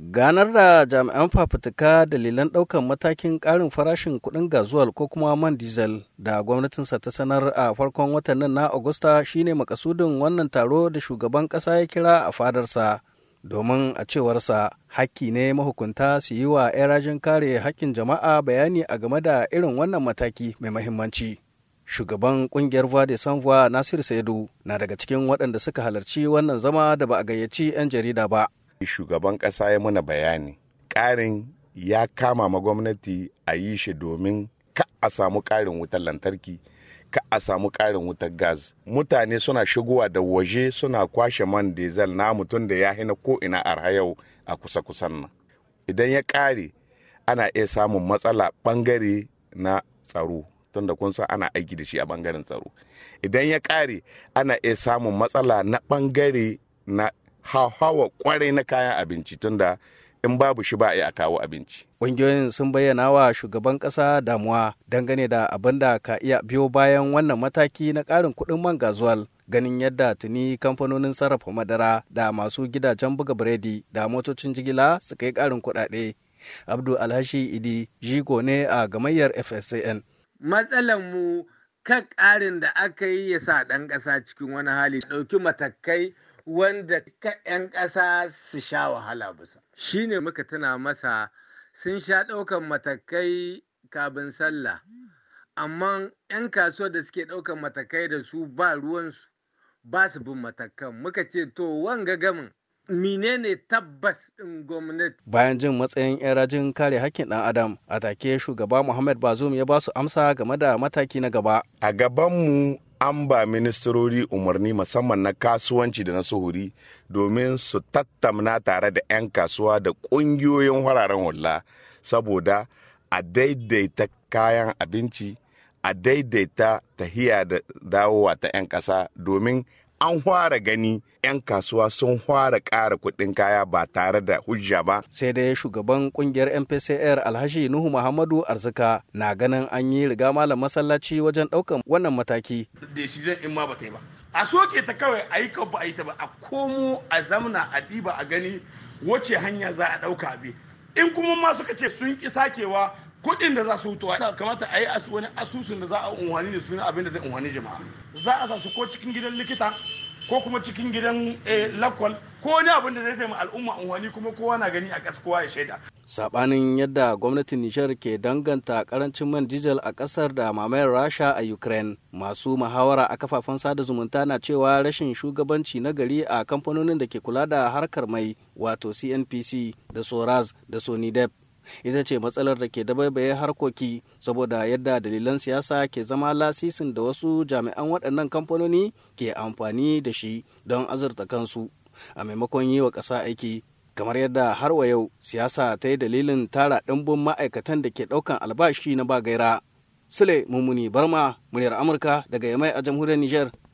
ganar da jami'an fafutuka dalilan ɗaukan matakin ƙarin farashin kuɗin gazuwal ko kuma man diesel da gwamnatinsa ta sanar a farkon watan nan na agusta shine makasudin wannan taro da shugaban ƙasa ya kira a fadarsa domin a cewarsa hakki ne mahukunta su yi wa 'yan kare hakkin jama'a bayani a game da irin wannan mataki mai mahimmanci. shugaban kungiyar vade de Nasir nasiru saidu na daga cikin waɗanda suka halarci wannan zama da ba a gayyaci 'yan jarida ba shugaban ƙasa ya muna bayani ƙarin ya kama ma gwamnati a yi shi domin ka a samu ƙarin wutar lantarki ka a samu ƙarin wutar gas mutane suna shigowa da waje suna kwashe man diesel na mutum da ya hina ko ina arha yau a kusa kusan nan idan ya ƙare ana iya samun matsala ɓangare na tsaro tunda kun san ana aiki da shi a ɓangaren tsaro idan ya ƙare ana iya samun matsala na ɓangare na hawa kwarai na kayan abinci tunda in babu shi ba a yi a kawo abinci. Ƙungiyoyin sun bayyana wa shugaban ƙasa damuwa dangane da abin da ka iya biyo bayan wannan mataki na ƙarin kuɗin man gazuwal. Ganin yadda tuni kamfanonin sarrafa madara da masu gidajen buga biredi da motocin jigila suka yi ƙarin kuɗaɗe. Abdul Alhashi Idi jigo ne a gamayyar FSAN. Matsalar mu kan ƙarin da aka yi ya sa ɗan ƙasa cikin wani hali ɗauki matakai wanda ka 'yan ƙasa su sha wahala bisa shi ne muka tuna masa sun sha ɗaukan matakai kabin sallah amma 'yan kasuwa da suke ɗaukan matakai da su ba ruwansu ba su bin matakan muka ce to wanga gamin menene tabbas ɗin gwamnati. Bayan jin matsayin 'yan rajin kare hakkin ɗan Adam, a take shugaba Muhammad Bazoum ya ba su amsa game da mataki na gaba. A gabanmu an ba ministerori umarni musamman na kasuwanci da na suhuri domin su tattamna tare da 'yan kasuwa da ƙungiyoyin wararen hula saboda a daidaita kayan abinci a daidaita tahiya da dawowa ta 'yan ƙasa domin an fara gani 'yan kasuwa sun fara ƙara kuɗin kaya ba tare da hujja ba. Sai dai shugaban kungiyar MPCR Alhaji Nuhu Muhammadu Arzika na ganin an yi riga malam masallaci wajen ɗaukan wannan mataki. Decision in ma ba ta yi ba. A soke ta kawai a yi ba a yi ta ba a komo a zamna a diba a gani wace hanya za a ɗauka bi. In kuma ma suka ce sun ƙi sakewa kuɗin da za su wutuwa kamata a yi wani asusun da za a unhwani da suna abin da zai unhwani jama'a za a sa su ko cikin gidan likita ko kuma cikin gidan eh, lakwal ko wani abin da zai sai al'umma unhwani kuma kowa na gani a ƙasa ya shaida. sabanin yadda gwamnatin nishar ke danganta karancin man jijal a kasar da mamayar rasha a ukraine masu muhawara a kafafen sada zumunta na cewa rashin shugabanci na gari a kamfanonin da ke kula da harkar mai wato cnpc da soraz da sonidep ita ce matsalar da ke dabaibaye harkoki saboda yadda dalilan siyasa ke zama lasisin da wasu jami'an waɗannan kamfanoni ke amfani da shi don azurta kansu a maimakon yi wa ƙasa aiki kamar yadda har wa yau siyasa ta yi dalilin tara ɗimbin ma'aikatan da ke ɗaukan albashi na ba gaira. Sule Mummuni Barma, muryar Amurka daga Yamai a jamhuriyar Nijar.